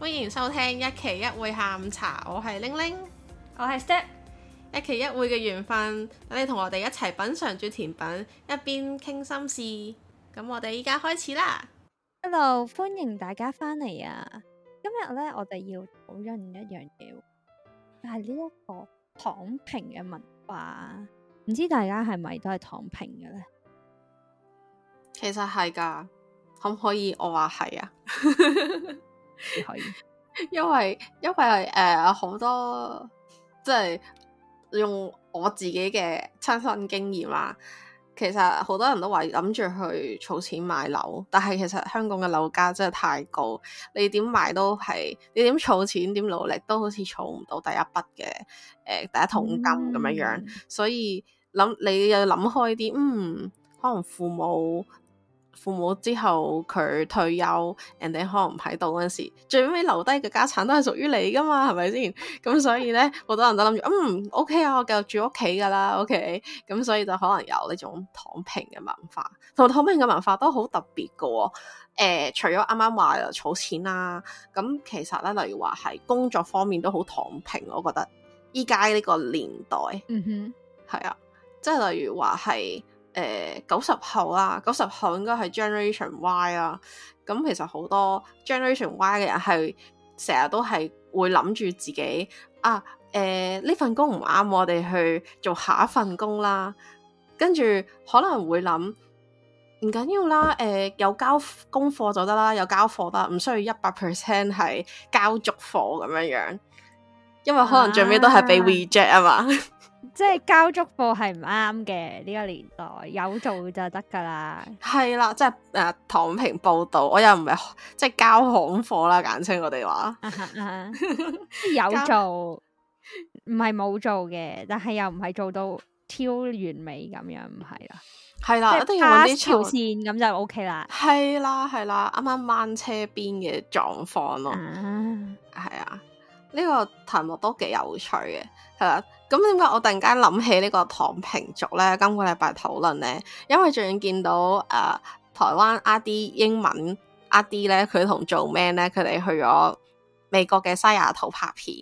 歡迎收聽一期一會下午茶，我係玲玲，我係 Step，一期一會嘅緣分，等你同我哋一齊品嘗住甜品，一邊傾心事。咁我哋依家開始啦。Hello，歡迎大家返嚟啊！今日呢，我哋要討論一樣嘢，就係呢一個躺平嘅問題。話唔知大家係咪都係躺平嘅咧？其實係噶，可唔可以，啊、 可以？我話係啊，係，因為因為誒好多即係、就是、用我自己嘅親身經驗啊。其實好多人都話諗住去儲錢買樓，但係其實香港嘅樓價真係太高，你點買都係，你點儲錢點努力都好似儲唔到第一筆嘅，誒、呃、第一桶金咁樣樣，所以諗你又諗開啲，嗯，可能父母。父母之後佢退休，人哋可能唔喺度嗰陣時，最尾留低嘅家產都係屬於你噶嘛，係咪先？咁所以咧，好多人都諗住，嗯，OK 啊，我繼續住屋企噶啦，OK。咁所以就可能有呢種躺平嘅文化，同埋躺平嘅文化都好特別噶喎。誒，除咗啱啱話儲錢啦、啊，咁其實咧，例如話係工作方面都好躺平，我覺得依家呢個年代，嗯哼，係啊，即係例如話係。誒，九十、uh, 後啦、啊，九十後應該係 Generation Y 啊。咁、嗯、其實好多 Generation Y 嘅人係成日都係會諗住自己啊，誒、呃、呢份工唔啱，我哋去做下一份工啦。跟住可能會諗，唔緊要啦，誒、呃、有交功課就得啦，有交貨得，唔需要一百 percent 係交足貨咁樣樣。因為可能最尾都係畀 reject 啊嘛。 即係交足貨係唔啱嘅，呢個年代有做就得噶啦。係啦， 即係誒，躺、啊、平報道，我又唔係即係交行貨啦，簡稱我哋話。有做，唔係冇做嘅，但係又唔係做到超完美咁樣，唔係啦。係啦 的，即係啲條線咁就 O K 啦。係啦係啦，啱啱掹車邊嘅狀況咯。係啊。剛剛呢個題目都幾有趣嘅，係啦。咁點解我突然間諗起呢個躺平族咧？今個禮拜討論咧，因為最近見到誒、呃、台灣阿滴、英文阿滴咧，佢同做咩咧？佢哋去咗美國嘅西雅圖拍片。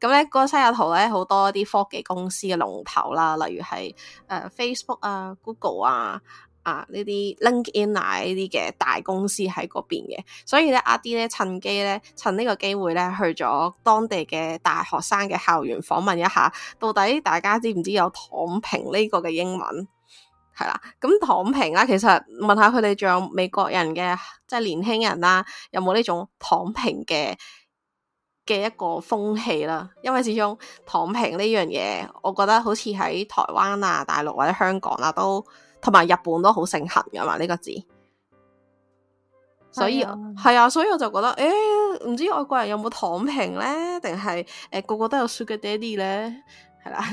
咁、嗯、咧，嗰個西雅圖咧，好多啲科技公司嘅龍頭啦，例如係誒 Facebook 啊、Google 啊。啊！呢啲 LinkedIn 啊，呢啲嘅大公司喺嗰邊嘅，所以咧阿 D 咧趁機咧趁呢個機會咧去咗當地嘅大學生嘅校園訪問一下，到底大家知唔知有躺平呢個嘅英文？係啦，咁躺平啦，其實問下佢哋仲有美國人嘅即係年輕人啦，有冇呢種躺平嘅嘅一個風氣啦？因為始終躺平呢樣嘢，我覺得好似喺台灣啊、大陸或者香港啊都。同埋日本都好盛行噶嘛呢，這個字，所以係啊，啊，所以我就覺得誒，唔、欸、知外國人有冇躺平咧，定係誒個個都有 Sugar Daddy 咧，係啦，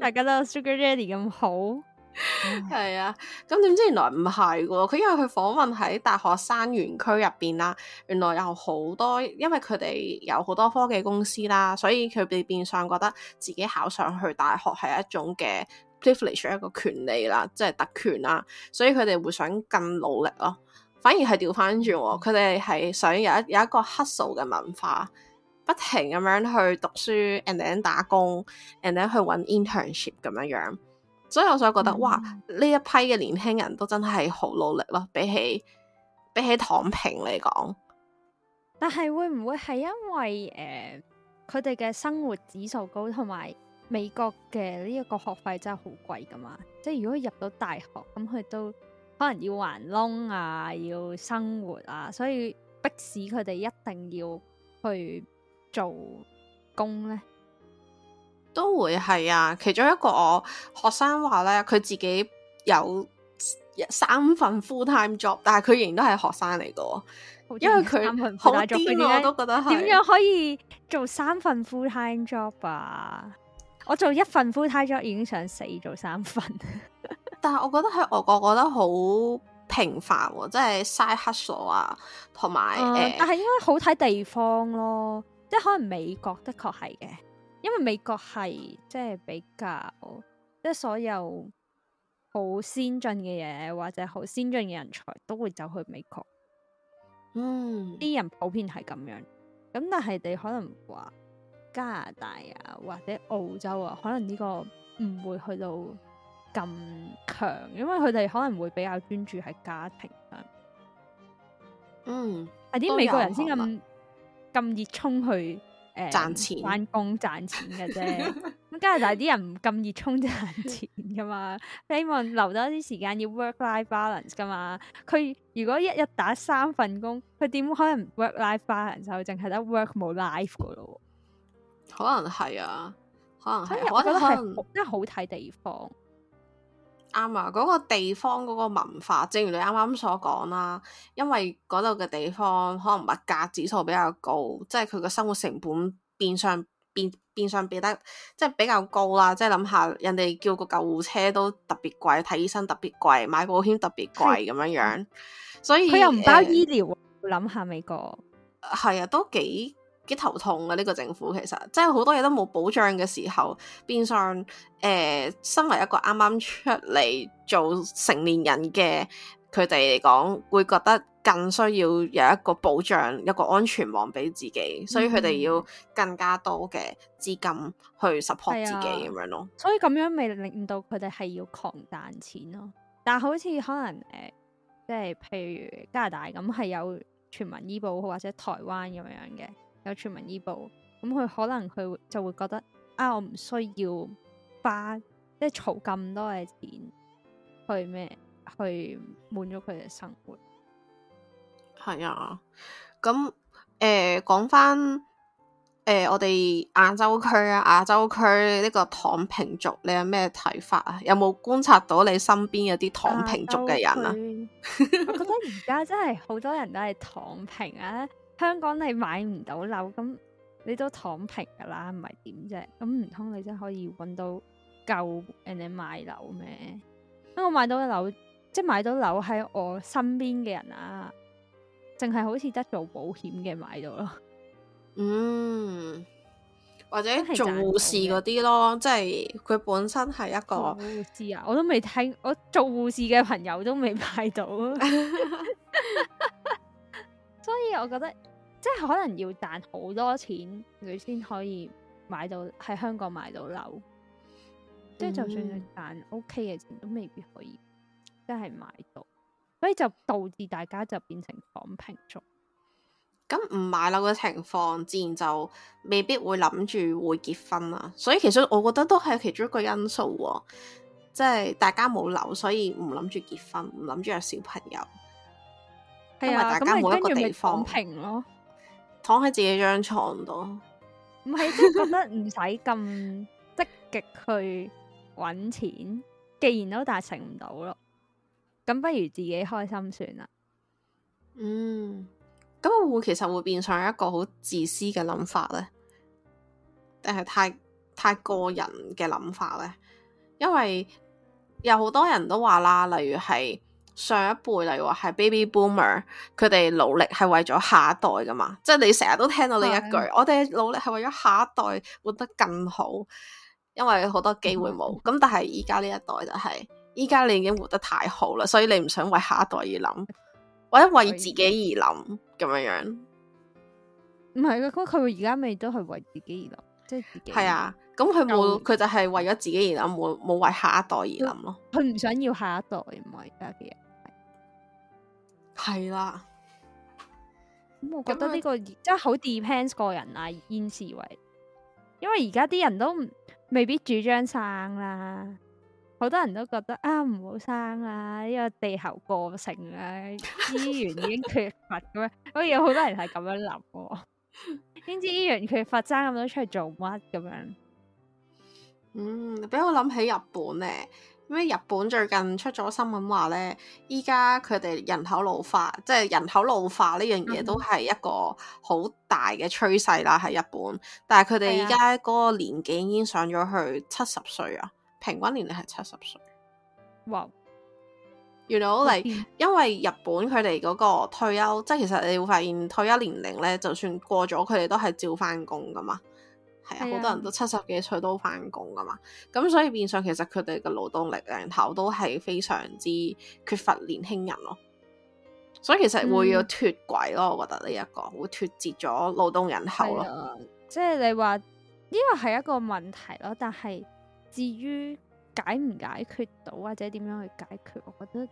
啊， 大家都有 Sugar Daddy 咁好，係 啊，咁點知原來唔係噶，佢因為佢訪問喺大學生園區入邊啦，原來有好多，因為佢哋有好多科技公司啦，所以佢哋變相覺得自己考上去大學係一種嘅。Privilege 一個權利啦，即係特權啦，所以佢哋會想更努力咯、啊。反而係調翻轉，佢哋係想有一有一個 hustle 嘅文化，不停咁樣去讀書，and then 打工，and then 去揾 internship 咁樣樣。所以我想覺得，嗯、哇，呢一批嘅年輕人都真係好努力咯、啊，比起比起躺平嚟講。但係會唔會係因為誒，佢哋嘅生活指數高，同埋美國嘅呢一個學費真係好貴噶嘛，即係如果入到大學咁，佢都可能要還窿啊，要生活啊，所以迫使佢哋一定要去做工咧。都會係啊，其中一個我學生話咧，佢自己有三份 full time job，但係佢仍然都係學生嚟噶，因為佢好癲啊，我都覺得點樣可以做三份 full time job 啊？我做一份 full time job 已經想死，做三份， 但係我覺得喺外國覺得好平凡，即係嘥黑傻啊，同埋、嗯欸、但係應該好睇地方咯，即係可能美國的確係嘅，因為美國係即係比較即係、就是、所有好先進嘅嘢或者好先進嘅人才都會走去美國，嗯，啲人普遍係咁樣，咁但係你可能話。加拿大啊，或者澳洲啊，可能呢個唔會去到咁強，因為佢哋可能會比較專注喺家庭上。嗯，係啲那都有 美國人先咁咁熱衷去誒賺、呃、錢、返工賺錢嘅啫。咁 加拿大啲人唔咁熱衷賺錢噶嘛， 希望留多啲時間要 work-life balance 噶嘛。佢如果一日打三份工，佢點可能 work-life balance 就淨係得 work 冇 life 噶咯？可能係啊，可能係，啊，我覺得係真係好睇地方。啱啊，嗰、嗰個地方嗰個文化，正如你啱啱所講啦，因為嗰度嘅地方可能物價指數比較高，即係佢個生活成本變相變變相變得即係比較高啦。即係諗下，人哋叫個救護車都特別貴，睇醫生特別貴，買保險特別貴咁樣、嗯、樣。所以佢又唔包醫療。諗下美國，係啊，都幾。幾頭痛嘅呢個政府，其實即係好多嘢都冇保障嘅時候，變相誒，身為一個啱啱出嚟做成年人嘅佢哋嚟講，會覺得更需要有一個保障，一個安全網俾自己，嗯、所以佢哋要更加多嘅資金去 support 自己咁、嗯、樣咯。所以咁樣咪令到佢哋係要狂賺錢咯。但係好似可能誒、呃，即係譬如加拿大咁，係有全民醫保或者台灣咁樣嘅。有全民醫保，咁、嗯、佢可能佢就會覺得啊，我唔需要花，即係儲咁多嘅錢去咩去滿足佢嘅生活。係啊，咁誒講返誒我哋亞洲區啊，亞洲區呢個躺平族，你有咩睇法啊？有冇觀察到你身邊有啲躺平族嘅人啊？ 我覺得而家真係好多人都係躺平啊！香港你買唔到樓，咁你都躺平噶啦，唔係點啫？咁唔通你真係可以搵到夠人哋買樓咩？我買到樓，即係買到樓喺我身邊嘅人啊，淨係好似得做保險嘅買到咯。嗯，或者做護士嗰啲咯，即係佢本身係一個。護士啊，我都未睇，我做護士嘅朋友都未買到， 所以我覺得。即係可能要賺好多錢，佢先可以買到喺香港買到樓。即係就算佢賺 OK 嘅錢，都未必可以即係買到，所以就導致大家就變成躺平咗。咁唔、嗯嗯、買樓嘅情況，自然就未必會諗住會結婚啦。所以其實我覺得都係其中一個因素、哦，即係大家冇樓，所以唔諗住結婚，唔諗住有小朋友。係啊，咁係跟住咪躺平咯。躺喺自己張床度，唔係 覺得唔使咁積極去搵錢，既然都達成唔到咯，咁不如自己開心算啦。嗯，咁會唔會其實會變相一個好自私嘅諗法咧？定係太太個人嘅諗法咧？因為有好多人都話啦，例如係。上一輩例如話係 baby boomer，佢哋、嗯、努力係為咗下一代噶嘛？即係你成日都聽到呢一句，的我哋努力係為咗下一代活得更好，因為好多機會冇。咁、嗯、但係依家呢一代就係、是，依家你已經活得太好啦，所以你唔想為下一代而諗，或者為自己而諗咁樣樣。唔係噶，咁佢而家咪都係為自己而諗，即、就、係、是、自己。係啊，咁佢冇，佢就係為咗自己而諗，冇冇為下一代而諗咯。佢唔想要下一代唔係家嘅人。係啦，咁、嗯、我覺得呢個真係好 depends 個人啊，in 思維、嗯、因為而家啲人都未必主張生啦，好多人都覺得啊唔好生啦，呢、這個地球過剩啦、啊，資源已經缺乏咁樣， 所以有好多人係咁樣諗，點知資源缺乏爭咁多出去做乜咁樣？嗯，俾我諗起日本咧。日本最近出咗新聞話咧，依家佢哋人口老化，即係人口老化呢樣嘢都係一個好大嘅趨勢啦。喺日本，但係佢哋依家嗰個年紀已經上咗去七十歲啊，平均年齡係七十歲。哇！原來你因為日本佢哋嗰個退休，即係其實你會發現退休年齡咧，就算過咗，佢哋都係照翻工噶嘛。係啊，好多人都七十幾歲都返工㗎嘛，咁所以變相其實佢哋嘅勞動力人口都係非常之缺乏年輕人咯，所以其實會要脫軌咯，嗯、我覺得呢、這、一個會脫節咗勞動人口咯，啊、即係你話呢個係一個問題咯，但係至於解唔解決到或者點樣去解決，我覺得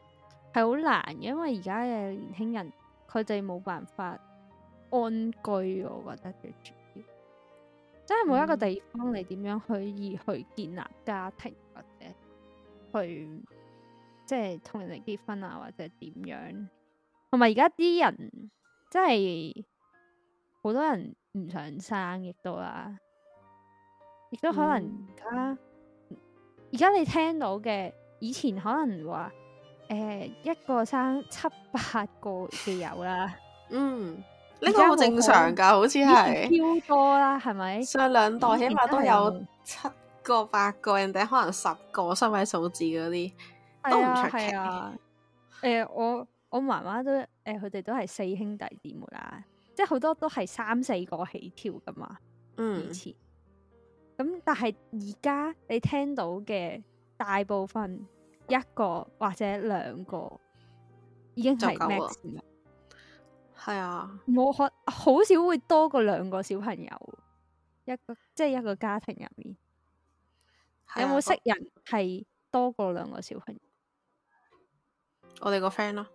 係好難，因為而家嘅年輕人佢哋冇辦法安居，我覺得。真係每一個地方，你點樣可以去建立家庭，或者去即係同人哋結婚啊，或者點樣？同埋而家啲人真係好多人唔想生，亦都啦，亦都可能而家而家你聽到嘅，以前可能話誒、呃、一個生七八個就有啦， 嗯。呢個好正常㗎，好似係超多啦，係咪？上兩代起碼都有七個八個，人哋可能十個身位數字嗰啲，啊、都唔出奇。誒、啊啊呃，我我媽媽都誒，佢、呃、哋都係四兄弟姊妹啦，即係好多都係三四個起跳噶嘛。嗯，以前咁、嗯，但係而家你聽到嘅大部分一個或者兩個已經係 max。係啊，冇可好少會多過兩個小朋友，一個即係一個家庭入面，yeah, 有冇識人係多過兩個小朋友？我哋個 friend 咯，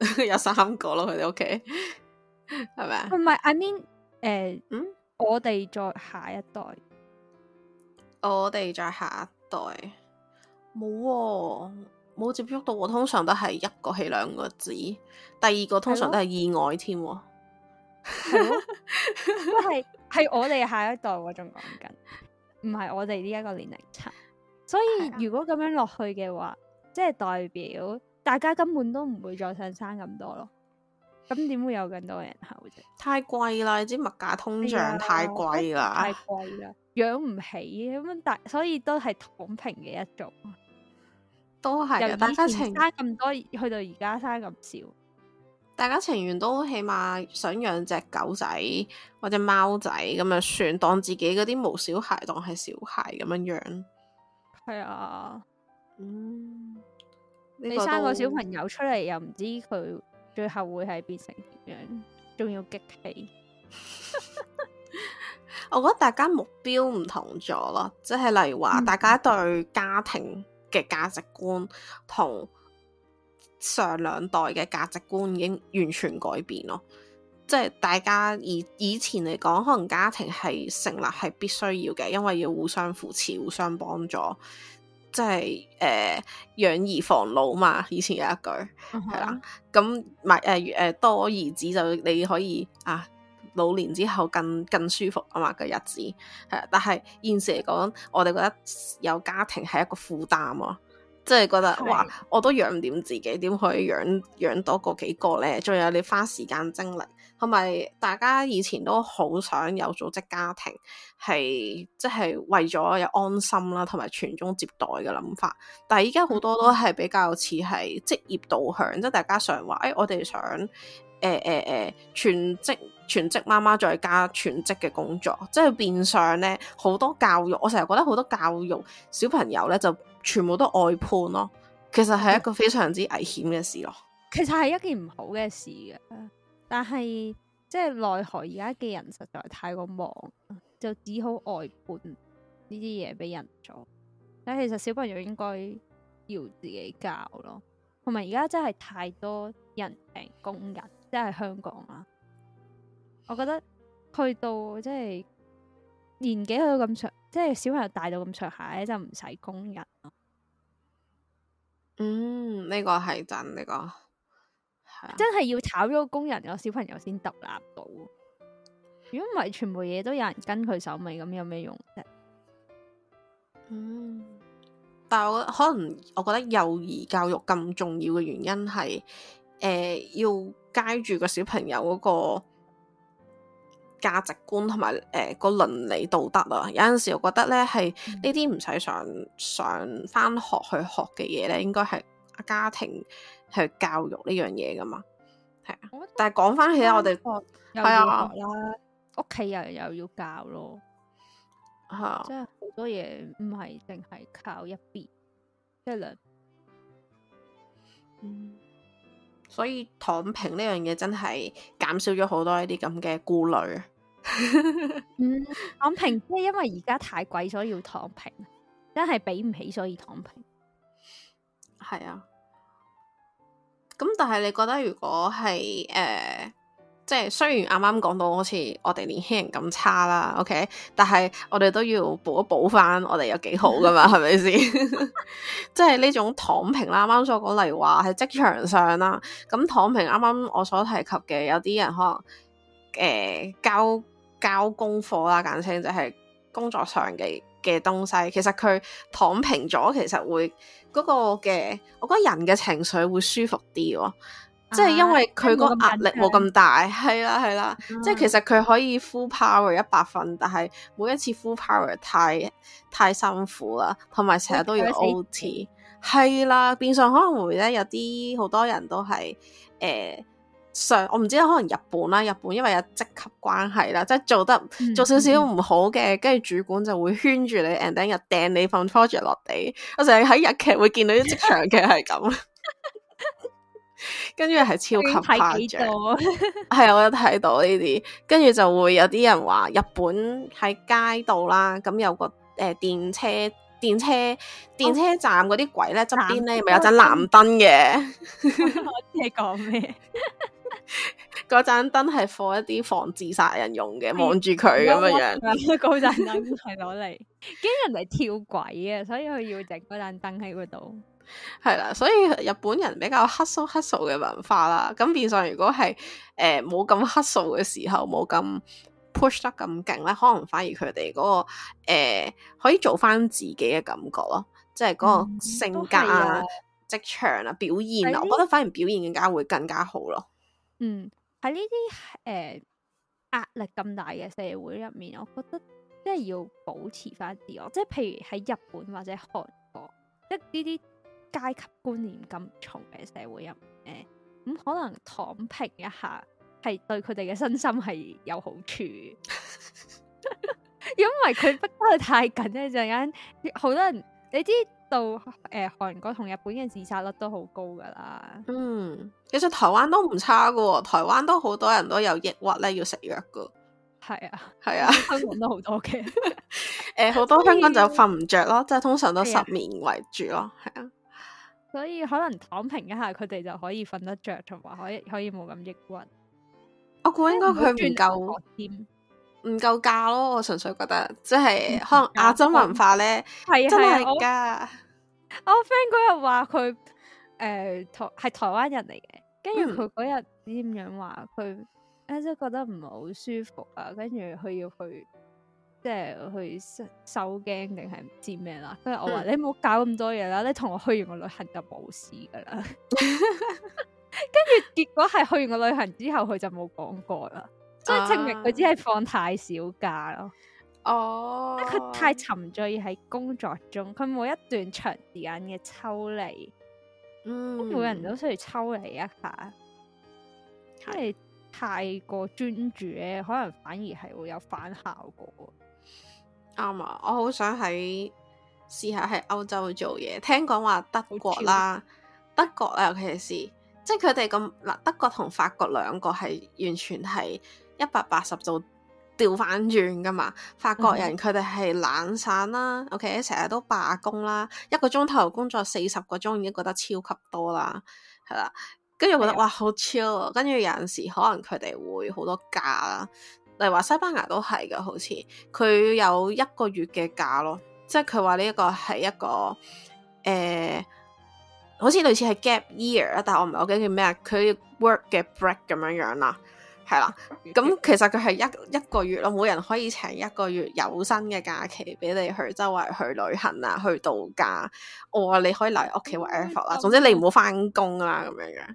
有三個咯，佢哋屋企係咪？唔 係吧，I mean，誒，嗯，我哋再下一代，我哋再下一代冇喎。冇接觸到，我通常都係一個起兩個字，第二個通常都係意外添。係，係我哋下一代我仲講緊，唔係我哋呢一個年齡層。所以如果咁樣落去嘅話，即係代表大家根本都唔會再想生咁多咯。咁點會有咁多人口啫？ 太貴啦！你知物價通脹太貴啦， 太貴啦，養唔起咁大，所以都係躺平嘅一種。都係，大家生咁多，去到而家生咁少。大家情願都起碼想養隻狗仔或者貓仔咁樣算，當自己嗰啲冇小孩當係小孩咁樣養。係啊，嗯，你生個小朋友出嚟又唔知佢最後會係變成點樣，仲要激氣。 我覺得大家目標唔同咗咯，即係例如話大家對家庭。嗯嘅價值觀同上兩代嘅價值觀已經完全改變咯，即係大家以以前嚟講，可能家庭係成立係必須要嘅，因為要互相扶持、互相幫助，即係誒、呃、養兒防老嘛。以前有一句係啦，咁咪誒誒多兒子就你可以啊。老年之後更更舒服啊嘛嘅日子，係但係現時嚟講，我哋覺得有家庭係一個負擔啊，即係覺得話，嘩我都養唔掂自己，點可以養養多個幾個咧？仲有你花時間精力，同埋大家以前都好想有組織家庭，係即係為咗有安心啦，同埋傳宗接代嘅諗法。但係依家好多都係比較似係職業導向，即係大家常話，誒我哋想誒誒誒全職。全職媽媽再加全職嘅工作，即係變相呢，好多教育。我成日覺得好多教育小朋友呢，就全部都外判咯。其實係一個非常之危險嘅事咯。嗯，其實係一件唔好嘅事嘅，但係即係奈何而家嘅人實在太過忙，就只好外判呢啲嘢俾人做。但係其實小朋友應該要自己教咯，同埋而家真係太多人請工人，即係香港啦。我覺得去到即係年紀去到咁長，即係小朋友大到咁上下咧，就唔使工人咯。嗯，呢、這個係真呢個的真係要炒咗個工人，個小朋友先獨立到。如果唔係，全部嘢都有人跟佢手尾，咁有咩用啫？嗯，但係我可能我覺得幼兒教育咁重要嘅原因係誒、呃，要街住個小朋友嗰、那個。價值觀同埋誒個倫理道德啊，有陣時我覺得咧係呢啲唔使上上翻學去學嘅嘢咧，應該係家庭去教育呢樣嘢㗎嘛，係啊。哦、但係講翻起、嗯、我哋係啊，屋企、嗯嗯、又有要，要教咯，嚇、嗯，即係好多嘢唔係淨係靠一邊一、即係、兩邊，嗯，所以躺平呢樣嘢真係減少咗好多呢啲咁嘅顧慮。 嗯、躺平，即係因為而家太貴，所以要躺平，真係畀唔起，所以躺平。係啊、 嗯，咁但係你覺得如果係誒、即、呃、係、就是、雖然啱啱講到好似我哋年輕人咁差啦，OK，但係我哋都要補一補返，我哋有幾好噶嘛，係咪先？即係呢種躺平啦，啱啱所講例如話喺職場上啦，咁躺平啱啱我所提及嘅，有啲人可能誒、呃、交。交功課啦，簡稱就係工作上嘅嘅東西。其實佢躺平咗，其實會嗰個嘅，我覺得人嘅情緒會舒服啲喎。Uh huh. 即係因為佢個壓力冇咁大，係啦係啦。即係其實佢可以 full power 一百分，但係每一次 full power 太太辛苦啦，同埋成日都要 OT。係啦、uh huh. 啊，變相可能會咧有啲好多人都係誒。呃上我唔知可能日本啦，日本因為有職級關係啦，即係做得做少少唔好嘅，跟住、嗯嗯、主管就會圈住你 e n d i 日，掟你份 project 落地。我成日喺日劇會見到啲職場劇係咁，跟住係超級誇張。係我有睇 到呢啲，跟住就會有啲人話日本喺街道啦，咁有個誒、呃、電車、電車、電車站嗰啲鬼咧側邊咧，咪有盞藍燈嘅。我知你講咩？嗰盞燈係放一啲防自殺人用嘅，望住佢咁嘅樣。嗰盞燈係攞嚟，驚 人哋跳軌啊！所以佢要整嗰盞燈喺嗰度。係啦，所以日本人比較黑數黑數嘅文化啦。咁變相，如果係誒冇咁黑數嘅時候，冇咁 push 得咁勁咧，可能反而佢哋嗰個誒、呃、可以做翻自己嘅感覺咯。即係嗰個性格啊、職、嗯啊、場啊、表現啊，的我覺得反而表現更加會更加好咯。嗯，喺呢啲誒壓力咁大嘅社會入面，我覺得即係要保持翻啲。我，即係譬如喺日本或者韓國，即呢啲階級觀念咁重嘅社會入面，咁、嗯、可能躺平一下，係對佢哋嘅身心係有好處， 因為佢逼得太緊，一陣間好多人。你知道誒、呃、韓國同日本嘅自殺率都好高噶啦？嗯，其實台灣都唔差噶喎，台灣都好多人都有抑鬱咧，要食藥噶。係啊，係啊，香港都好多嘅。誒、 呃，好多香港就瞓唔着咯，以即係通常都失眠為主咯。係啊，啊所以可能躺平一下，佢哋就可以瞓得着，同埋可以可以冇咁抑鬱。我估應該佢唔以夠。 唔夠價咯，我純粹覺得即係、就是、可能亞洲文化咧，係真係噶。我 friend 嗰日話佢誒台係台灣人嚟嘅，跟住佢嗰日點樣話佢，即係、嗯、覺得唔係好舒服啊，跟住佢要去即係去收收驚定係唔知咩啦。跟住我話你唔好搞咁多嘢啦，你同我去完個旅行就冇事噶啦。跟住 結果係去完個旅行之後，佢就冇講過啦。即係證明佢只係放太少假咯。哦、啊，即佢太沉醉喺工作中，佢每一段長時間嘅抽離。嗯，每人都需要抽離一下，即係太過專注咧，可能反而係會有反效果。啱啊！我好想喺試下喺歐洲做嘢。聽講話德國啦，德國啊，尤其是即係佢哋咁嗱，德國同法國兩個係完全係。一百八十度掉翻轉噶嘛，法國人佢哋係懶散啦、嗯，OK，成日都罷工啦，一個鐘頭工作四十個鐘已經覺得超級多啦，係啦。跟住覺得、哎、呀哇，好超啊！跟住有陣時可能佢哋會好多假啦，例如話西班牙都係噶，好似佢有一個月嘅假咯，即係佢話呢一個係一個誒，好似類似係 gap year 啊，但係我唔係我唔記得叫咩啊，佢 work 嘅 break 咁樣樣啦。係啦，咁其實佢係一一個月咯，冇人可以請一個月有薪嘅假期俾你去周圍去旅行啊，去度假。我、哦、話你可以留喺屋企玩 AirPod 啦，嗯、總之你唔好翻工啦咁樣嘅。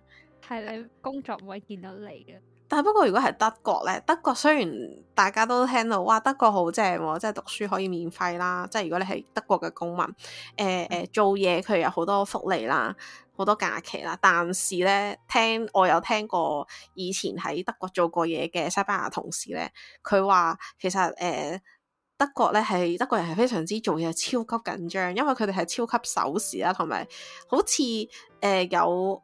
係你工作唔會見到你嘅。但不過，如果係德國咧，德國雖然大家都聽到哇，德國好正喎，即係讀書可以免費啦，即係如果你係德國嘅公民，誒誒、嗯呃、做嘢佢有好多福利啦，好多假期啦。但是咧，聽我有聽過以前喺德國做過嘢嘅西班牙同事咧，佢話其實誒、呃、德國咧係德國人係非常之做嘢超級緊張，因為佢哋係超級守時啦，同埋好似誒、呃、有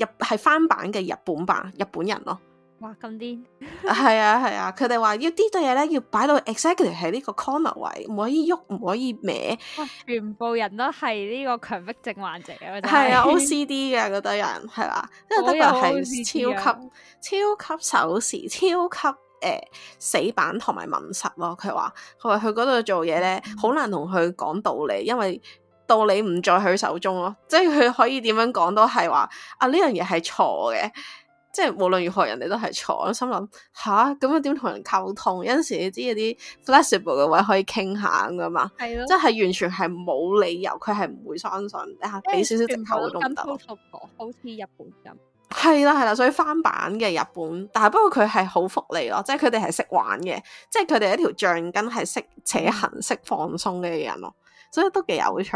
日係翻版嘅日本版日本人咯。哇咁癲！係啊係啊，佢哋話要啲對嘢咧，要擺到 exactly 喺呢個 corner 位，唔可以喐，唔可以歪。全部人都係呢個強迫症患者、就是、啊，係啊，OCD 嘅嗰堆人係啦，因為德國係超級超級守時、超級誒、呃、死板同埋悶實咯。佢話佢話去嗰度做嘢咧，好、嗯、難同佢講道理，因為道理唔在佢手中咯。即係佢可以點樣講都係話啊呢樣嘢係錯嘅。啊啊即係無論如何，人哋都係坐，我心諗吓，咁啊，點同人溝通？有陣時你知啲嗰啲 flexible 嘅位可以傾下噶嘛，的即係完全係冇理由，佢係唔會相信你啊，俾少少折扣都唔得。好似日本人係啦係啦，所以翻版嘅日本，但係不過佢係好福利咯，即係佢哋係識玩嘅，即係佢哋一條橡筋係識扯行，識放鬆嘅人咯，所以都幾有趣。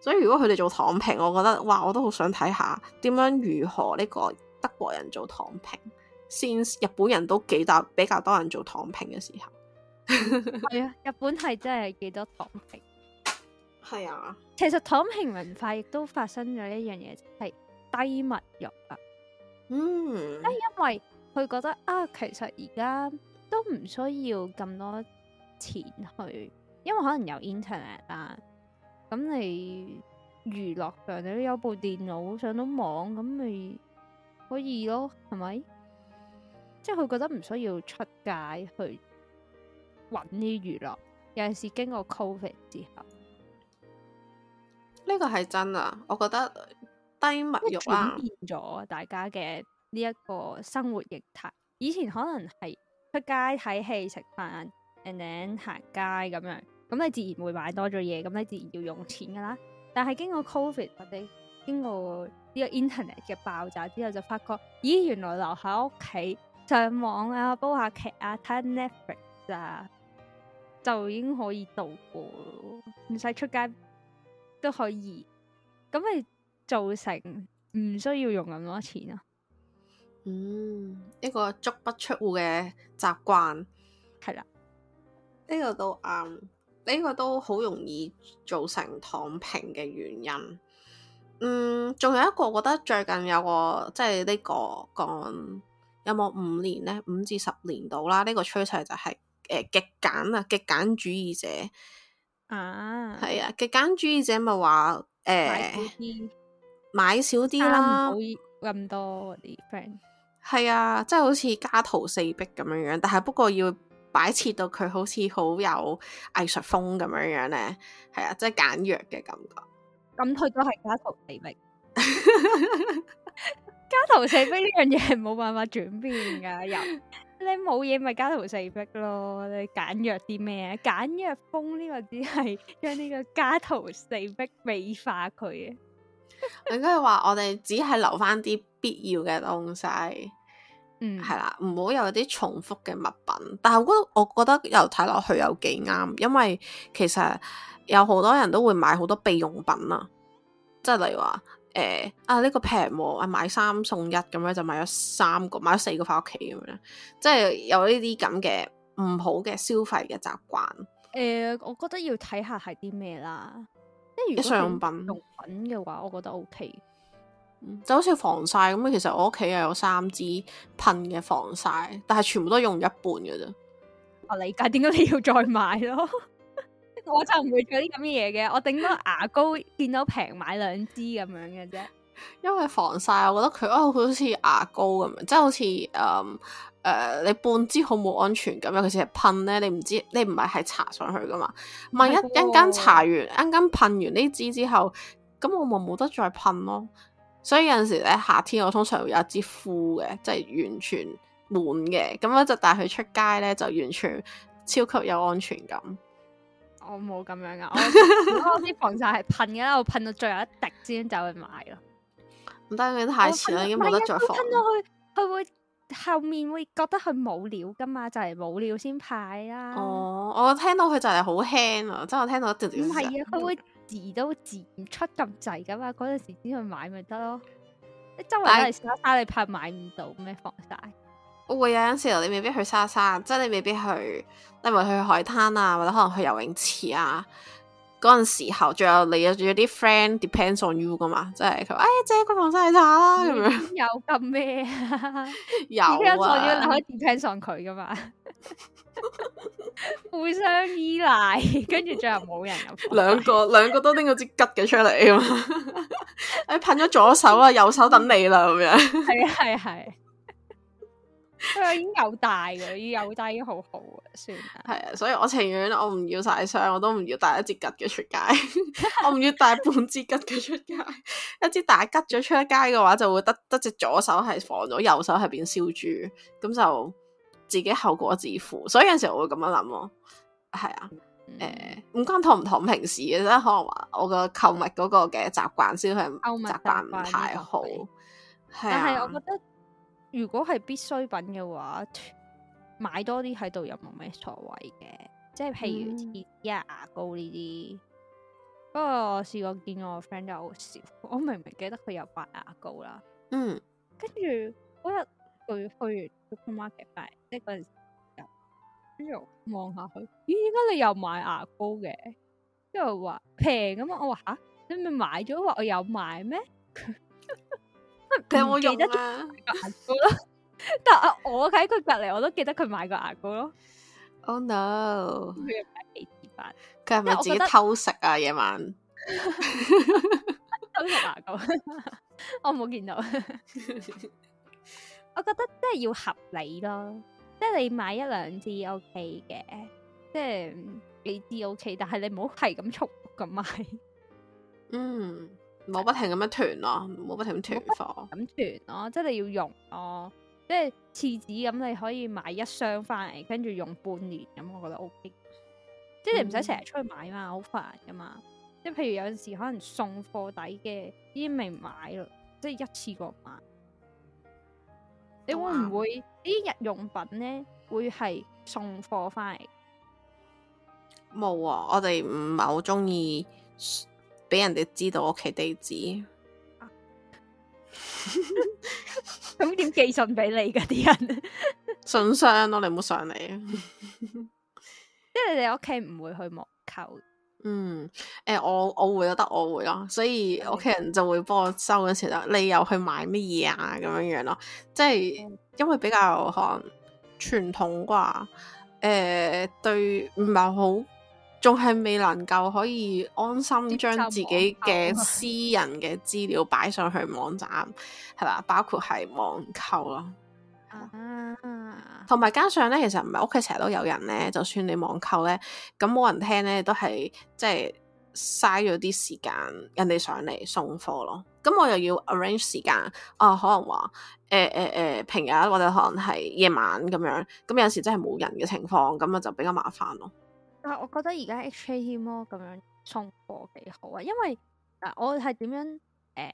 所以如果佢哋做躺平，我覺得嘩，我都好想睇下點樣如何呢個德國人做躺平。先日本人都幾大比較多人做躺平嘅時候，係 啊，日本係真係幾多躺平。係啊，其實躺平文化亦都發生咗一樣嘢，係、就係、低物欲。啊。嗯，因為佢覺得啊，其實而家都唔需要咁多錢去，因為可能有 internet 啊。咁你娛樂上，你都有部電腦上到網，咁咪可以咯，係咪？即係佢覺得唔需要出街去揾啲娛樂，尤其是經過 Covid 之後，呢個係真啊！我覺得低物欲啊，變咗大家嘅呢一個生活形態。以前可能係出街睇戲、食飯，and then 行街咁樣。咁你自然會買多咗嘢，咁你自然要用錢噶啦。但係經過 COVID 或者經過呢個 internet 嘅爆炸之後，就發覺咦，原來留喺屋企上網啊，煲下劇啊，睇 Netflix 啊，就已經可以度過咯，唔使出街都可以。咁咪造成唔需要用咁多錢啊？嗯，一個足不出戶嘅習慣係啦，呢的個都啱。Um 呢個都好容易造成躺平嘅原因。嗯，仲有一個覺得最近有個即係呢、這個講有冇五年呢？五至十年度啦，呢、這個趨勢就係、是、誒、呃、極簡，極簡啊，啊，極簡主義者、呃、啊，係啊，極簡主義者咪話誒買少啲啦，唔好咁多啲 friend。係啊，即係好似家徒四壁咁樣樣，但係不過要。擺設到佢好似好有藝術風咁樣樣咧，係啊，即係簡約嘅感覺。咁佢都係家徒四壁。 家徒四壁呢樣嘢係冇辦法轉變噶又 你冇嘢咪家徒四壁咯。你簡約啲咩？簡約風呢個只係將呢個家徒四壁美化佢嘅。 你都係話我哋只係留翻啲必要嘅東西。嗯，係啦，唔好有啲重複嘅物品。但係我覺得，我覺得又睇落去有幾啱，因為其實有好多人都會買好多備用品啦。即係例如話，誒啊呢個平喎，啊、這個、買三送一咁樣，就買咗三個，買咗四個翻屋企咁樣，即係有呢啲咁嘅唔好嘅消費嘅習慣。誒、呃，我覺得要睇下係啲咩啦。日常用品，用品嘅話，我覺得 OK。就好似防曬咁啊，其實我屋企又有三支噴嘅防曬，但係全部都用一半嘅。啫、啊。我理解點解你要再買咯？ 我就唔會做啲咁嘅嘢嘅。我頂多牙膏 見到平買兩支咁樣嘅啫。因為防曬，我覺得佢哦，好似牙膏咁樣，即係好似嗯誒、呃，你半支好冇安全感。尤其是噴咧，你唔知你唔係係搽上去噶嘛？萬是、哦、一一陣間搽完，一陣間噴完呢支之後，咁我咪冇得再噴咯。所以有陣時咧，夏天我通常會有一支敷嘅，即、就、係、是、完全滿嘅，咁樣就帶佢出街咧就完全超級有安全感。我冇咁樣噶，我我啲防曬係噴嘅啦， 我噴到最後一滴先就去買咯。唔得，佢太遲啦，噴已經冇得着防。噴、啊、到佢，佢會後面會覺得佢冇料噶嘛，就係冇料先派啦。哦、oh, 啊，我聽到佢就係好輕啊，真係聽到一滴。唔係啊，佢會。字都字唔出咁滯噶嘛，嗰陣時先去買咪得咯。你周圍都係沙沙，你怕買唔到咩防曬？我會、哦、有陣時候你未必去沙沙，即、就、係、是、你未必去，你咪去海灘啊，或者可能去游泳池啊。嗰陣時候，仲有你有仲有啲 friend depends on you 噶嘛，即係佢話：哎，呀，借個防曬搽啦咁樣。有咁咩？ 有啊，你要你可以 depends on 佢噶嘛。 互相依賴，跟住最後冇人入。兩個兩個都拎咗支吉嘅出嚟啊嘛！我噴咗左手啊， 右手等你啦，咁樣係係係。佢 已經有大嘅，有大已經好好啊，算係啊。所以我情願我唔要曬傷，我都唔要帶一支吉嘅出街， 我唔要帶半支吉嘅出街。 一支大吉咗出街嘅話，就會得得隻左手係防咗，右手係變燒豬，咁就。自己後果自負，所以有陣我會咁樣諗咯、哦。係啊，誒唔關同唔同平時嘅啫。可能話我個購物嗰個嘅習慣先係習慣唔太好。但係我覺得如果係必需品嘅話，嗯、買多啲喺度又冇咩所謂嘅。即係譬如一牙膏呢啲。嗯、不過我試過見我 friend 有少，我明明記得佢有八牙膏啦。嗯，跟住嗰日佢去 m 即嗰陣時，跟住望下佢，咦？點解你又買牙膏嘅？跟住話平咁啊！我話吓，你咪買咗？我有買咩？佢，實我記得個牙膏咯， 但係我喺佢隔籬，我都記得佢買過牙膏咯。哦、oh、no！佢又擺地字板，佢係咪自己偷食啊？夜晚偷食牙膏， 我冇見到。 我覺得真係要合理咯。即係你買一兩支 O K 嘅，即係幾支 O K，但係你唔好係咁速咁買。嗯，唔好、 嗯、不停咁樣囤咯、唔好不停咁囤貨。咁囤咯、啊，即係你要用咯、啊，即係廁紙咁你可以買一箱翻嚟，跟住用半年咁，我覺得 O K。即係你唔使成日出去買嘛，好煩噶嘛。即係譬如有陣時可能送貨底嘅，已經未買啦，即係一次過買。你會唔會啲日用品咧？會係送貨翻嚟？冇啊！我哋唔係好中意俾人哋知道屋企地址。咁點寄信俾你嗰啲人？ 信箱咯，啊，你唔好上嚟。即 係 你哋屋企唔會去網購。嗯，誒、欸，我我會就得我會咯，所以屋企人就會幫我收嘅時候，你又去買乜嘢啊咁樣樣咯，即係因為比較可能傳統啩，誒、呃，對唔係好，仲係未能夠可以安心將自己嘅私人嘅資料擺上去網站，係啦，包括係網購咯。啊，同埋加上咧，其實唔係屋企成日都有人咧，就算你網購咧，咁冇人聽咧，都係即係嘥咗啲時間，人哋上嚟送貨咯。咁我又要 arrange 時間，啊，可能話誒誒誒平日，或者可能係夜晚咁樣，咁有時真係冇人嘅情況，咁啊就比較麻煩咯。但係、啊、我覺得而家 H and M 咯，咁樣送貨幾好啊，因為嗱、啊，我係點樣誒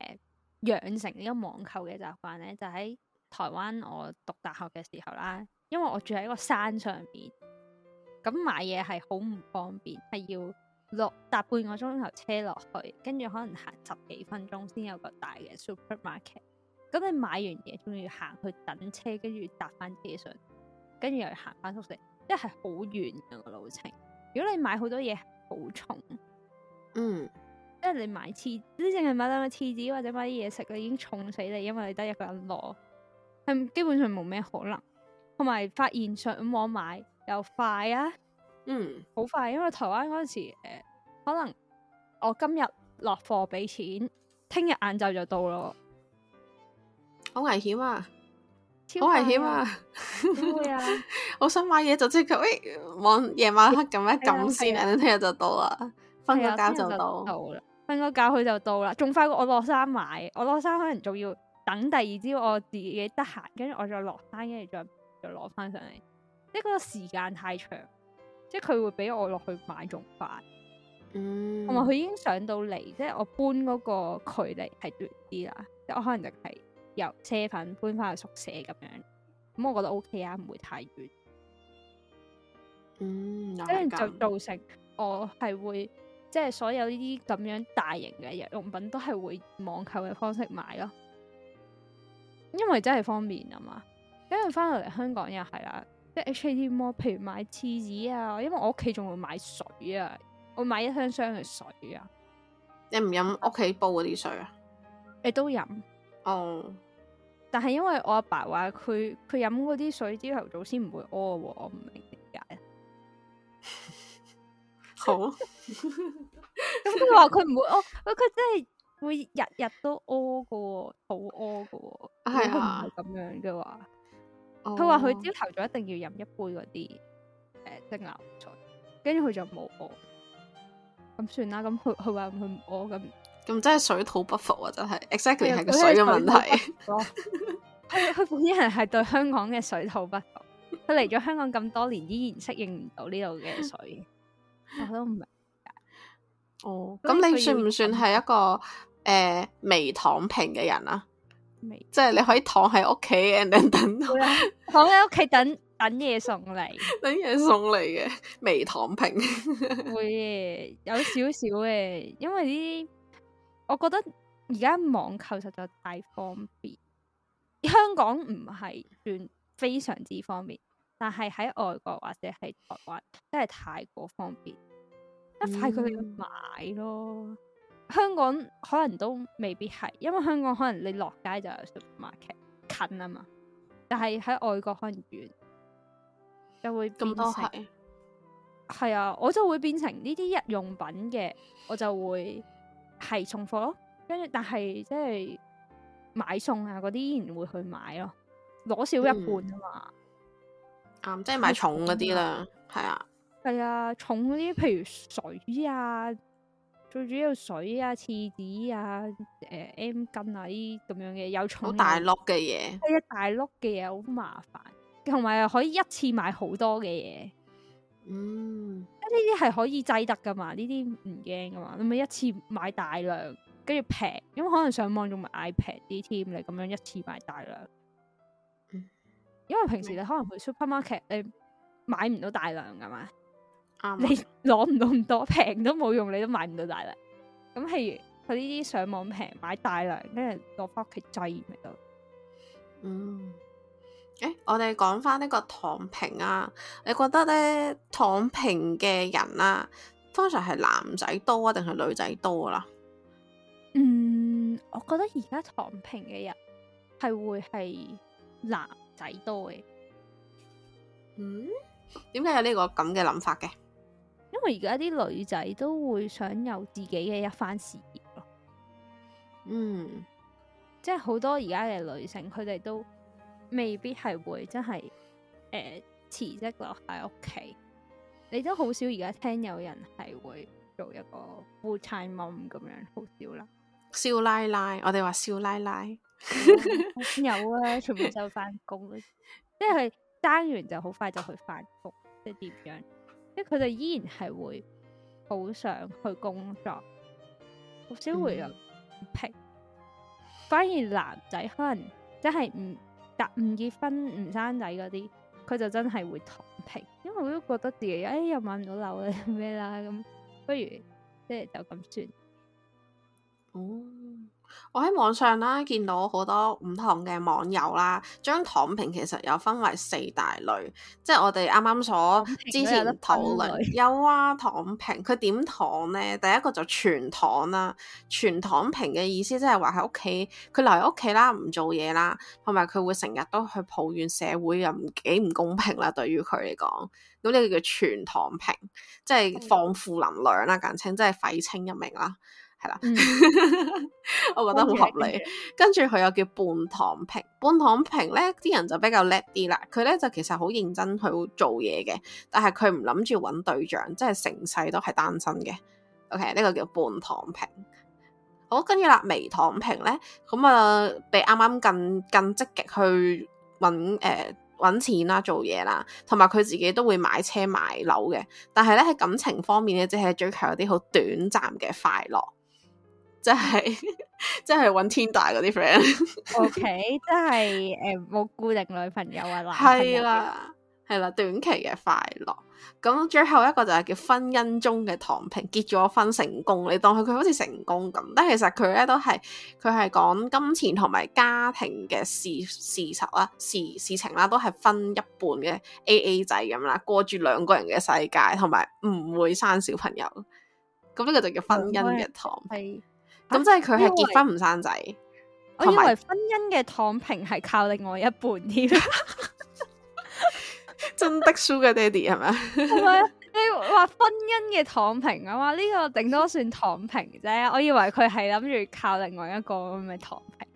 養、啊、成呢個網購嘅習慣咧，就喺、是。台灣我讀大學嘅時候啦，因為我住喺一個山上邊，咁買嘢係好唔方便，係要落搭半個鐘頭車落去，跟住可能行十幾分鐘先有個大嘅 supermarket。咁你買完嘢仲要行去等車，跟住搭翻車上，跟住又行翻宿舍，即係好遠嘅個路程。如果你買好多嘢好重，嗯，因為你買廁，你淨係買兩個廁紙或者買啲嘢食，你已經重死你，因為你得一個人攞。係基本上冇咩可能，同埋發現上網買又快啊，嗯，好快，因為台灣嗰陣時誒，可能我今日落貨俾錢，聽日晏晝就到咯，好危險啊，好危險啊，會啊，我想買嘢就即刻喂，往夜晚黑咁樣撳 了先，然後聽日就到啦，瞓個覺就到啦，瞓個覺佢就到啦，仲快過我落山買，我落山可能仲要。等第二朝我自己得閒，跟住我再落單，跟住再再攞翻上嚟。即係嗰個時間太長，即係佢會俾我落去買仲快。嗯，同埋佢已經上到嚟，即係我搬嗰個距離係短啲啦。即我可能就係由車品搬翻去宿舍咁樣，咁我覺得 O、OK、K 啊，唔會太遠。嗯，跟、就、住、是、就造成我係會即係所有呢啲咁樣大型嘅日用品都係會網購嘅方式買咯。因為真係方便啊嘛，因為翻到嚟香港又係啦，即係 HKTVmall，譬如買廁紙啊，因為我屋企仲會買水啊，我買一箱箱嘅水啊。你唔飲屋企煲嗰啲水啊？你都飲哦，oh。但係因為我阿爸話佢佢飲嗰啲水朝頭早先唔會屙，我唔明點解。 好，咁佢話佢唔會屙，佢佢真係。會日日都屙嘅、哦，好屙嘅。如果啊，唔係咁樣嘅話，佢話佢朝頭早一定要飲一杯嗰啲誒蒸牛菜，跟住佢就冇屙。咁算啦，咁佢佢話佢唔屙咁，咁真係水土不服啊！真係 exactly 係個又水嘅問題。佢、啊、 本人係對香港嘅水土不服，佢嚟咗香港咁多年依然適應唔到呢度嘅水， 我都唔明。哦，咁你算唔算係一個誒未躺平嘅人啊？未眉，即係你可以躺喺屋企，等等，躺喺屋企等等嘢送嚟，等嘢送嚟嘅未躺平。會嘅，有少少嘅，因為呢啲，我覺得而家網購實在太方便。香港唔係算非常之方便，但係喺外國或者喺台灣真係太過方便。一派佢哋買咯，嗯、香港可能都未必係，因為香港可能你落街就有買劇近啊嘛，但係喺外國可能遠，就會變成咁多。係啊，我就會變成呢啲日用品嘅，我就會係重貨咯，跟住但係即係買餸啊嗰啲依然會去買咯，攞少一半啊嘛。啊，即係買重嗰啲啦，係啊。係啊，重嗰啲，譬如水啊，最主要水啊、廁紙啊、誒、呃、M 巾啊啲咁樣嘅，有重大碌嘅嘢。係啊，大碌嘅嘢好麻煩，同埋又可以一次買好多嘅嘢。嗯，啊呢啲係可以制得噶嘛？呢啲唔驚噶嘛？你咪一次買大量，跟住平，因為可能上網仲買平啲添，你咁樣一次買大量。嗯，因為平時你可能去 supermarket，你買唔到大量噶嘛。你攞唔到咁多，平都冇用，你都買唔到大量。咁譬如，佢呢啲上網平，買大量，跟住落翻屋企堆咪得。嗯，誒、欸，我哋講翻呢個躺平啊，你覺得咧躺平嘅人啊，通常係男仔多啊，定係女仔多啦？嗯，我覺得而家躺平嘅人係會係男仔多嘅。嗯，點解有呢、這個咁嘅諗法嘅？因為而家啲女仔都會想有自己嘅一番事業咯，嗯，即係好多而家嘅女性，佢哋都未必係會真係誒辭職落喺屋企，你都好少而家聽有人係會做一個 full time mom 咁樣，好少啦。少奶奶，我哋話少奶奶、嗯、 有啊，全部就翻工， 即係佢生完就好快就去翻工，即係點樣？即係佢就依然係會好想去工作，好少會躺平。嗯、反而男仔可能真係唔答唔結婚唔生仔嗰啲，佢就真係會躺平，因為佢都覺得自己哎又買唔到樓咧咩啦，咁不如即係就咁算。哦。我喺網上啦，見到好多唔同嘅網友啦，將躺平其實又分為四大類，即係我哋啱啱所之前討論有，躺平，有啊躺平，佢點躺呢？第一個就全躺啦，全躺平嘅意思即係話喺屋企，佢留喺屋企啦，唔做嘢啦，同埋佢會成日都去抱怨社會又唔幾唔公平啦，對於佢嚟講，咁呢個叫全躺平，即係放負能量啦，簡稱即係廢青一名啦。 我覺得好合理。Okay. 跟住佢又叫半躺平，半躺平咧，啲人就比較叻啲啦。佢咧就其實好認真去做嘢嘅，但係佢唔諗住揾對象，即係成世都係單身嘅。OK，呢個叫半躺平。好，跟住啦，微躺平咧，咁、嗯、啊，比啱啱更更積極去揾誒揾錢啦，做嘢啦，同埋佢自己都會買車買樓嘅。但係咧喺感情方面咧，即係追求一啲好短暫嘅快樂。即係即係揾天大嗰啲 friend，O K，即係誒冇固定女朋友啊，係啦係啦，短期嘅快樂。咁最後一個就係叫婚姻中嘅躺平，結咗婚成功，你當佢佢好似成功咁，但係其實佢咧都係佢係講金錢同埋家庭嘅事事實啦，事事情啦，都係分一半嘅 A A 仔咁啦，過住兩個人嘅世界，同埋唔會生小朋友。咁呢個就叫婚姻嘅躺平。Okay. 咁、啊、即係佢係結婚唔生仔，我以為婚姻嘅躺平係靠另外一半添，真的書嘅爹哋係咪？唔係，你話婚姻嘅躺平啊嘛？呢個頂多算躺平啫，我以為佢係諗住靠另外一個咁嘅躺平。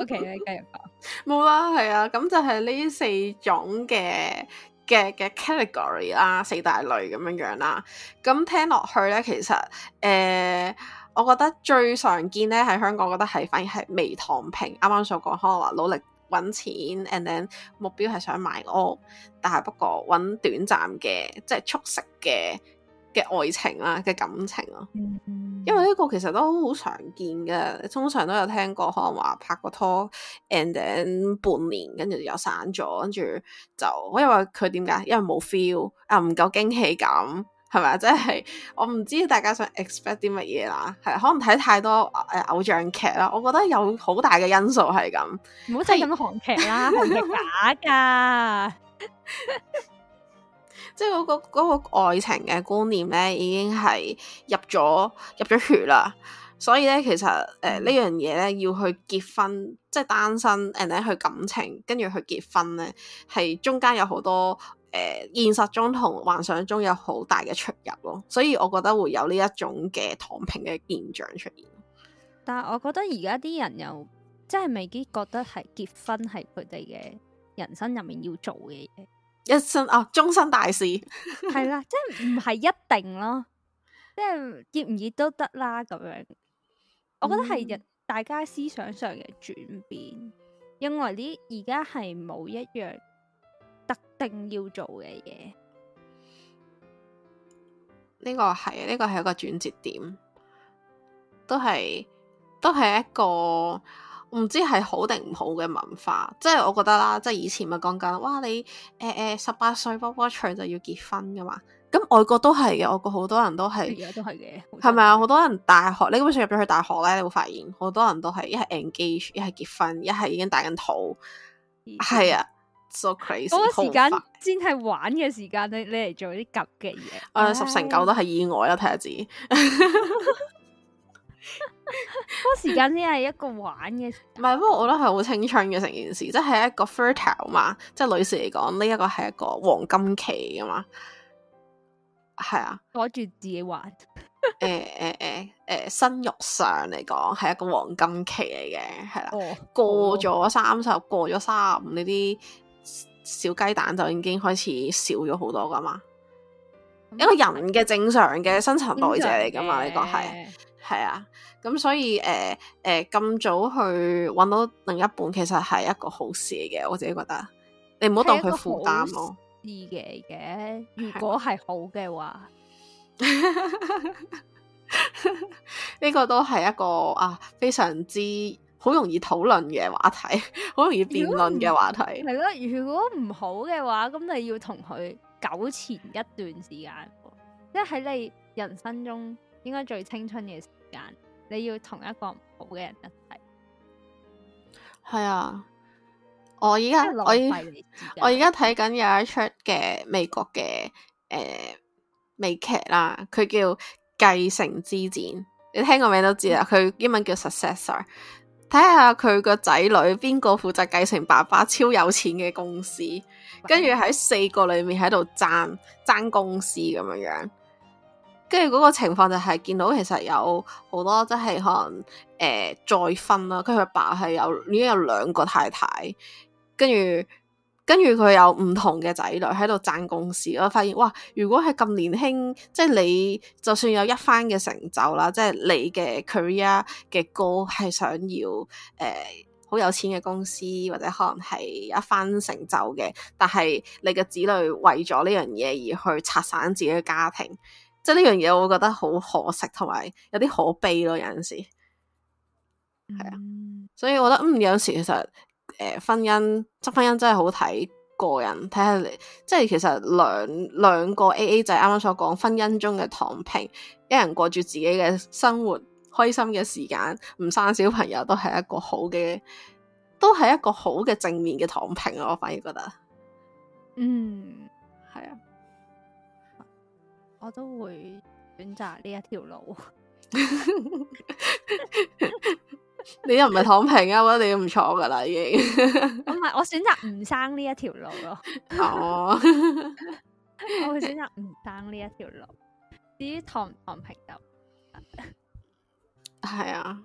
OK，你繼續講，冇啦，係啊，咁就係呢四種嘅，嘅嘅 category 啦，四大類咁樣樣啦，咁聽落去咧，其實誒、呃，我覺得最常見咧喺香港，覺得係反而係未躺平。啱啱所講，可能話努力揾錢，and then 目標係想買屋，但係不過揾短暫嘅，即係速食嘅。嘅愛情啦、啊，嘅感情咯、啊， 因為呢個其實都好常見嘅，通常都有聽過，可能話拍個拖 and then 半年，跟住又散咗，跟住就因為佢點解？因為冇 feel 啊，唔夠驚喜感，係咪啊？即係我唔知大家想 expect 啲乜嘢啦，係可能睇太多誒、呃、偶像劇啦，我覺得有好大嘅因素係咁，唔好睇咁多韓劇啦、啊，韓劇 假㗎。 即係嗰個嗰個愛情嘅觀念咧，已經係入咗入咗血啦。所以咧，其實誒、呃、呢樣嘢咧，要去結婚，即係單身，and 咧、呃、去感情，跟住去結婚咧，係中間有好多誒、呃、現實中同幻想中有好大嘅出入咯。所以我覺得會有呢一種嘅躺平嘅現象出現。但係我覺得而家啲人又即係未必覺得係結婚係佢哋嘅人生入面要做嘅嘢。一生哦，終身大事係啦， 即係唔係一定咯，即係熱唔熱都得啦咁樣。我覺得係日、嗯、大家思想上嘅轉變，因為呢而家係冇一樣特定要做嘅嘢。呢個係呢個係一個轉折點，都係都係一個。唔知係好定唔好嘅文化，即係我覺得啦，即係以前咪講緊，哇你誒誒十八歲啵啵唱就要結婚噶嘛，咁外國都係嘅，外國好多人都係，而家都係嘅，係咪啊？好多人大學，你基本上入咗去大學咧，你會發現好多人都係一係 engage，一係結婚，一係已經大緊肚，係啊，so crazy！嗰個時間先係快玩嘅時間，你你嚟做啲急嘅嘢，誒十成九都係意外啊！睇下字。哎呀 嗰個 時間先係一個玩嘅，唔係。不過我覺得係好青春嘅成件事，即係一個 fertile 嘛，即係女士嚟講呢一個係一個黃金期噶嘛，係啊，攞住自己玩。誒誒誒誒，生、欸、育、欸欸、上嚟講係一個黃金期嚟嘅，係啦、啊，oh, oh. 過咗三十，過咗卅五呢啲小雞蛋就已經開始少咗好多噶嘛，嗯、一個人嘅正常嘅新陳代謝嚟噶嘛，呢個係。係啊，咁、嗯、所以誒誒咁早去揾到另一半，其實係一個好事嘅，我自己覺得。你唔、啊、好當佢負擔咯。是嘅嘅，如果係好嘅話、啊，呢 個都係一個啊非常之好容易討論嘅話題，好容易辯論嘅話題。係咯，如果唔好嘅話，咁你要同佢糾纏一段時間、啊，即係喺你人生中。應該最青春嘅時間，你要同一個唔好嘅人一齊。係啊，我而家我我而家睇緊有一出嘅美國嘅誒、呃、美劇啦，佢叫《繼承之戰》，你聽個名都知啦，佢英文叫 Successor。睇下佢個仔女邊個負責繼承爸爸超有錢嘅公司，跟住喺四個裏面喺度爭爭公司咁樣樣。即係嗰個情況就係見到其實有好多即係可能誒、呃、再婚啦，佢佢爸係有已經有兩個太太，跟住跟住佢有唔同嘅仔女喺度爭公司。我發現哇，如果係咁年輕，即係你就算有一番嘅成就啦，即係你嘅 career 嘅 goal 係想要誒好、呃、有錢嘅公司或者可能係一番成就嘅，但係你嘅子女為咗呢樣嘢而去拆散自己嘅家庭。即係呢樣嘢，我會覺得好可惜，同埋有啲可悲咯。有陣時係啊，所以我覺得嗯，有陣時其實誒、呃，婚姻即婚姻真係好睇個人，睇下你，即係其實兩兩個 A A 仔啱啱所講，婚姻中嘅躺平，一人過住自己嘅生活，開心嘅時間，唔生小朋友都係一個好嘅，都係一個好嘅正面嘅躺平啊！我反而覺得，嗯，係啊。我都會選擇呢一條路， 你又唔係躺平啊？我覺得你都唔錯噶啦，已經。唔 係，我選擇唔生呢一條路咯。哦 我會選擇唔生呢一條路。至於躺唔躺平就係 啊。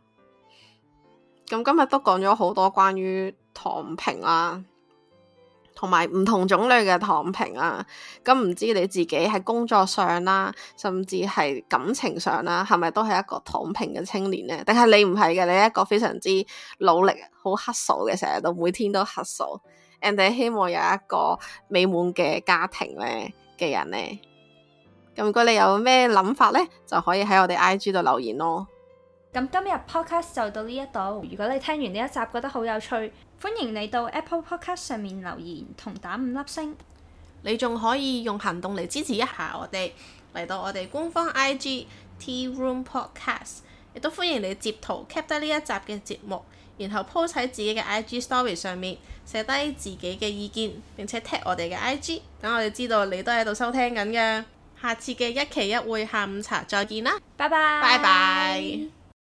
咁今日都講咗好多關於躺平啊。同埋唔同種類嘅躺平啊，咁唔知你自己喺工作上啦、啊，甚至係感情上啦、啊，係咪都係一個躺平嘅青年呢？定係你唔係嘅，你一個非常之努力、好 hustle 嘅，成日都每天都 hustle，and 希望有一個美滿嘅家庭咧嘅人呢。咁如果你有咩諗法呢，就可以喺我哋 I G 度留言咯。咁今日 podcast 就到呢一度，如果你聽完呢一集覺得好有趣。歡迎你到 Apple Podcast 上面留言同打五粒星，你仲可以用行動嚟支持一下我哋，嚟到我哋官方 IG Tea Room Podcast，亦都歡迎你截圖 keep 得呢一集嘅節目，然後 post 喺自己嘅 IG Story 上面寫低自己嘅意見，並且踢我哋嘅 IG，等我哋知道你都喺度收聽緊嘅。下次嘅一期一會下午茶再見啦，拜拜拜拜。